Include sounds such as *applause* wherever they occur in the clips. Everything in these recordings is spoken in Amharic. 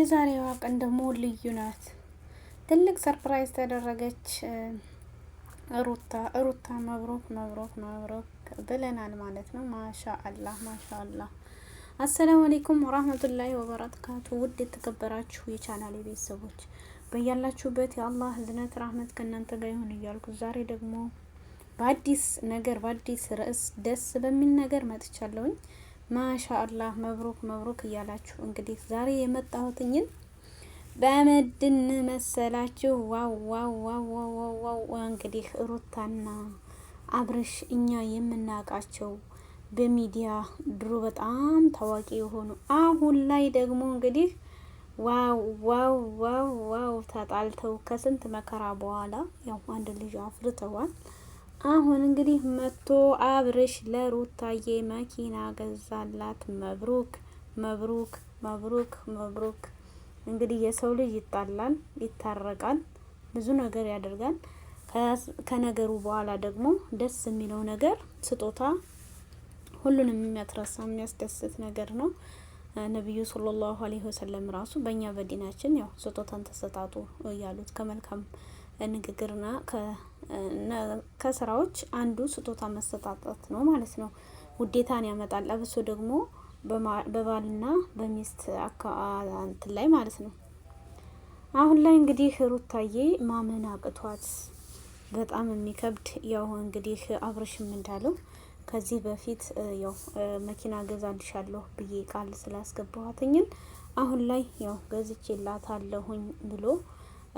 የዛሬዋ ቀን ደግሞ ልዩ ናት። ትልቅ ሰርፕራይዝ ተደረገች ሩታ። ሩታ መብሮክ መብሮክ መብሮክ ብለናል ማለት ነው። ማሻ አላህ ማሻ አላህ። አሰላሙ አሌይኩም ወራህመቱላሂ ወበረካቱ። ውድ የተከበራችሁ የቻናሌ ቤተሰቦች በያላችሁበት የአላህ ህዝነት ራህመት ከእናንተ ጋር ይሁን እያልኩ ዛሬ ደግሞ በአዲስ ነገር በአዲስ ርዕስ ደስ በሚል ነገር መጥቻለሁኝ። ማሻአላህ መብሩክ መብሩክ እያላችሁ እንግዲህ ዛሬ የመጣሁትኝን በምንድን መሰላችሁ? ዋው ዋው ዋው ዋው ዋው እንግዲህ ሩታና አብርሽ እኛ የምናውቃቸው በሚዲያ ድሮ በጣም ታዋቂ የሆኑ አሁን ላይ ደግሞ እንግዲህ ዋው ዋው ዋው ዋው ተጣልተው ከስንት መከራ በኋላ ያው አንድ ልጅ አፍርተዋል። አሁን እንግዲህ መቶ አብርሽ ለሩታዬ መኪና ገዛላት። መብሩክ መብሩክ መብሩክ መብሩክ። እንግዲህ የሰው ልጅ ይጣላል፣ ይታረቃል፣ ብዙ ነገር ያደርጋል። ከነገሩ በኋላ ደግሞ ደስ የሚለው ነገር ስጦታ ሁሉንም የሚያትረሳ የሚያስደስት ነገር ነው። ነቢዩ ሰለላሁ አለይሂ ወሰለም ራሱ በእኛ በዲናችን ያው ስጦታን ተሰጣጡ ያሉት ከመልካም ንግግርና ከስራዎች አንዱ ስጦታ መሰጣጣት ነው ማለት ነው። ውዴታን ያመጣል። አብሶ ደግሞ በባልና በሚስት አካንት ላይ ማለት ነው። አሁን ላይ እንግዲህ ሩታዬ ማመን አቅቷት በጣም የሚከብድ ያው እንግዲህ አብረሽም እንዳለው ከዚህ በፊት ያው መኪና ገዛልሻለሁ ብዬ ቃል ስላስገባኋትኝን አሁን ላይ ያው ገዝቼላታለሁኝ ብሎ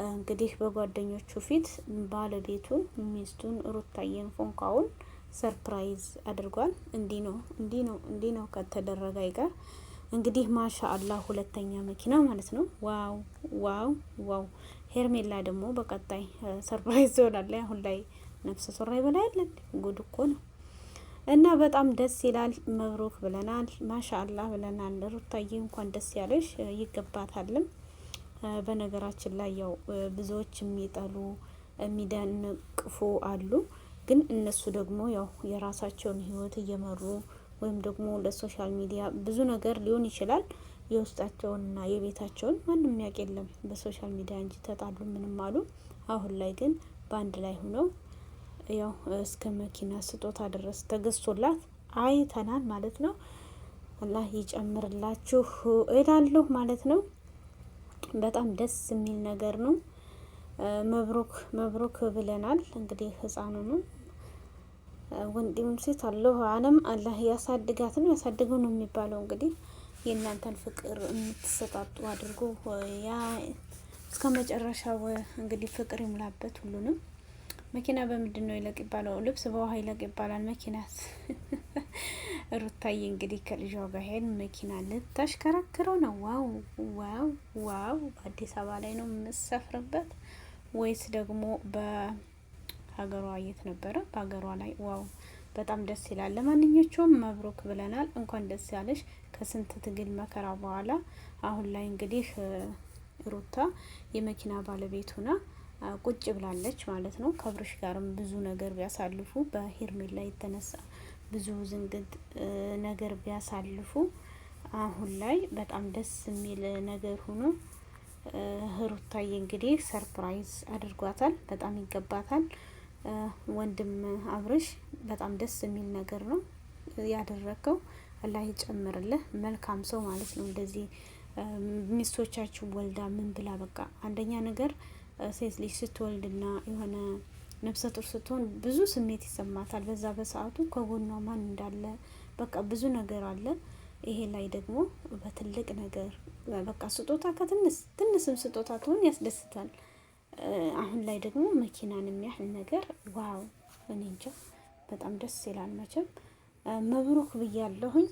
እንግዲህ በጓደኞቹ ፊት ባለቤቱን ሚስቱን ሩታየን ፎንካውን ሰርፕራይዝ አድርጓል። እንዲህ ነው እንዲህ ነው እንዲህ ነው ከተደረገ አይቀር እንግዲህ ማሻ አላህ ሁለተኛ መኪና ማለት ነው። ዋው ዋው ዋው። ሄርሜላ ደግሞ በቀጣይ ሰርፕራይዝ ይሆናል። አሁን ላይ ነፍሰ ሱራ ይበላያለን። ጉድ እኮ ነው። እና በጣም ደስ ይላል። መብሩክ ብለናል፣ ማሻ አላህ ብለናል። ሩታዬ እንኳን ደስ ያለሽ ይገባታልም። በነገራችን ላይ ያው ብዙዎች የሚጠሉ የሚደነቅፉ አሉ። ግን እነሱ ደግሞ ያው የራሳቸውን ህይወት እየመሩ ወይም ደግሞ ለሶሻል ሚዲያ ብዙ ነገር ሊሆን ይችላል። የውስጣቸውንና የቤታቸውን ማንም ያውቅ የለም በሶሻል ሚዲያ እንጂ ተጣሉ ምንም አሉ። አሁን ላይ ግን በአንድ ላይ ሆነው ያው እስከ መኪና ስጦታ ድረስ ተገዝቶላት አይተናል ማለት ነው። አላህ ይጨምርላችሁ እላለሁ ማለት ነው። በጣም ደስ የሚል ነገር ነው። መብሩክ መብሩክ ብለናል። እንግዲህ ህፃኑንም ወንድም ሴት አለሁ አለም አላህ ያሳድጋት ነው ያሳድገው ነው የሚባለው። እንግዲህ የእናንተን ፍቅር የምትሰጣጡ አድርጎ ያ እስከ መጨረሻው እንግዲህ ፍቅር ይሙላበት ሁሉንም መኪና በምንድን ነው ይለቅ ይባለው? ልብስ በውሃ ይለቅ ይባላል። መኪናስ *laughs* ሩታዬ እንግዲህ ከልጇ ጋር ሄድ መኪና ልታሽከረክረው ነው። ዋው ዋው ዋው! በአዲስ አበባ ላይ ነው የምሰፍርበት ወይስ ደግሞ በሀገሯ የት ነበረ? በሀገሯ ላይ ዋው! በጣም ደስ ይላል። ለማንኛቸውም መብሩክ ብለናል። እንኳን ደስ ያለሽ ከስንት ትግል መከራ በኋላ አሁን ላይ እንግዲህ ሩታ የመኪና ባለቤት ሁና ቁጭ ብላለች ማለት ነው። ከብርሽ ጋርም ብዙ ነገር ቢያሳልፉ በሄርሜላ የተነሳ ብዙ ዝንግት ነገር ቢያሳልፉ አሁን ላይ በጣም ደስ የሚል ነገር ሆኖ ህሩታዬ እንግዲህ ሰርፕራይዝ አድርጓታል። በጣም ይገባታል። ወንድም አብርሽ በጣም ደስ የሚል ነገር ነው ያደረከው። አላህ ይጨምርልህ። መልካም ሰው ማለት ነው። እንደዚህ ሚስቶቻችሁ ወልዳ ምን ብላ በቃ አንደኛ ነገር ሴት ልጅ ስትወልድና የሆነ ነፍሰ ጡር ስትሆን ብዙ ስሜት ይሰማታል። በዛ በሰዓቱ ከጎኗ ማን እንዳለ በቃ ብዙ ነገር አለ። ይሄ ላይ ደግሞ በትልቅ ነገር በቃ ስጦታ ከትንስ ትንስም ስጦታ ትሆን ያስደስታል። አሁን ላይ ደግሞ መኪናን የሚያህል ነገር ዋው! እኔ እንጃ በጣም ደስ ይላል። መቼም መብሩክ ብያለሁኝ።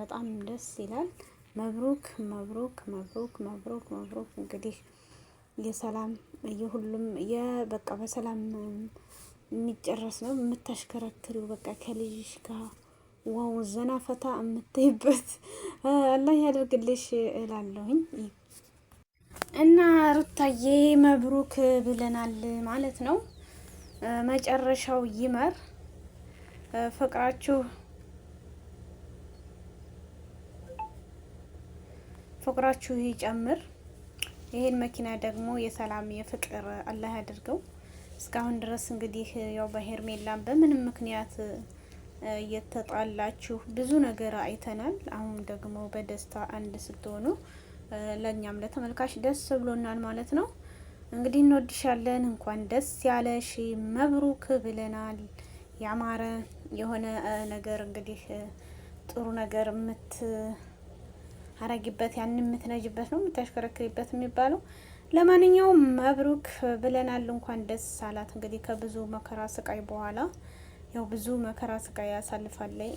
በጣም ደስ ይላል። መብሩክ መብሩክ መብሩክ መብሩክ መብሩክ እንግዲህ የሰላም የሁሉም የበቃ በሰላም የሚጨረስ ነው። የምታሽከረክሪው በቃ ከልጅሽ ጋር ዋው ዘና ፈታ የምትይበት አላህ ያደርግልሽ እላለሁኝ። እና ሩታዬ መብሩክ ብለናል ማለት ነው። መጨረሻው ይመር ፍቅራችሁ ፍቅራችሁ ይጨምር። ይሄን መኪና ደግሞ የሰላም የፍቅር አላህ ያድርገው። እስካሁን ድረስ እንግዲህ ያው በሄርሜላም በምንም ምክንያት እየተጣላችሁ ብዙ ነገር አይተናል። አሁን ደግሞ በደስታ አንድ ስትሆኑ ለእኛም ለተመልካች ደስ ብሎናል ማለት ነው። እንግዲህ እንወድሻለን፣ እንኳን ደስ ያለሽ፣ መብሩክ ብለናል። ያማረ የሆነ ነገር እንግዲህ ጥሩ ነገር ምት አረጊበት ያን የምትነጅበት ነው የምታሽከረክሪበት የሚባለው። ለማንኛውም መብሩክ ብለናል፣ እንኳን ደስ አላት። እንግዲህ ከብዙ መከራ ስቃይ በኋላ ያው ብዙ መከራ ስቃይ ያሳልፋለይ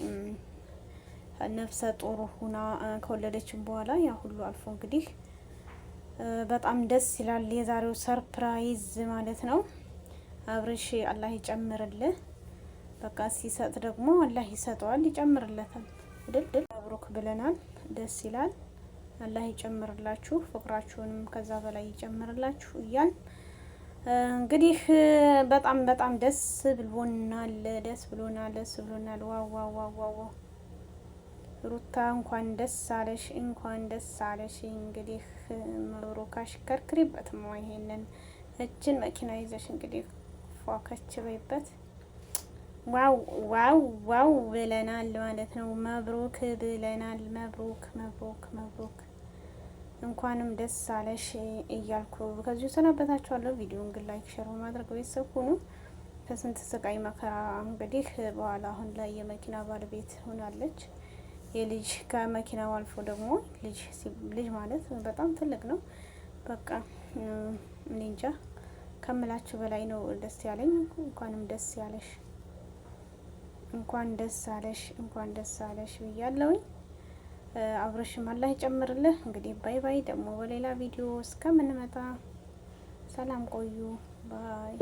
ነፍሰ ጡር ሁና ከወለደችም በኋላ ያ ሁሉ አልፎ እንግዲህ በጣም ደስ ይላል። የዛሬው ሰርፕራይዝ ማለት ነው። አብርሽ አላህ ይጨምርልህ። በቃ ሲሰጥ ደግሞ አላህ ይሰጠዋል፣ ይጨምርለታል። ድልድል አብሮክ ብለናል። ደስ ይላል። አላህ ይጨምርላችሁ፣ ፍቅራችሁንም ከዛ በላይ ይጨምርላችሁ እያል እንግዲህ በጣም በጣም ደስ ብሎናል፣ ደስ ብሎናል፣ ደስ ብሎናል። ዋው ዋው ዋው ዋው ሩታ እንኳን ደስ አለሽ፣ እንኳን ደስ አለሽ። እንግዲህ መብሩካሽ ከርክሪበት ነው ይሄንን እችን መኪና ይዘሽ እንግዲህ ፏከች በይበት ዋው ዋው ዋው ብለናል ማለት ነው። መብሩክ ብለናል። መብሩክ መብሩክ መብሩክ እንኳንም ደስ አለሽ እያልኩ ከዚሁ ሰናበታችኋለሁ። ቪዲዮን ግን ላይክ፣ ሸር በማድረግ ቤተሰብ ሁኑ። ከስንት ስቃይ መከራ እንግዲህ በኋላ አሁን ላይ የመኪና ባለቤት ሆናለች። የልጅ ከመኪናው አልፎ ደግሞ ልጅ ልጅ ማለት በጣም ትልቅ ነው። በቃ እኔ እንጃ ከምላችሁ በላይ ነው ደስ ያለኝ። እንኳንም ደስ ያለሽ እንኳን ደስ አለሽ እንኳን ደስ አለሽ ብያለሁኝ። አብረሽም አላህ ይጨምርልህ። እንግዲህ ባይ ባይ። ደግሞ በሌላ ቪዲዮ እስከምንመጣ ሰላም ቆዩ። ባይ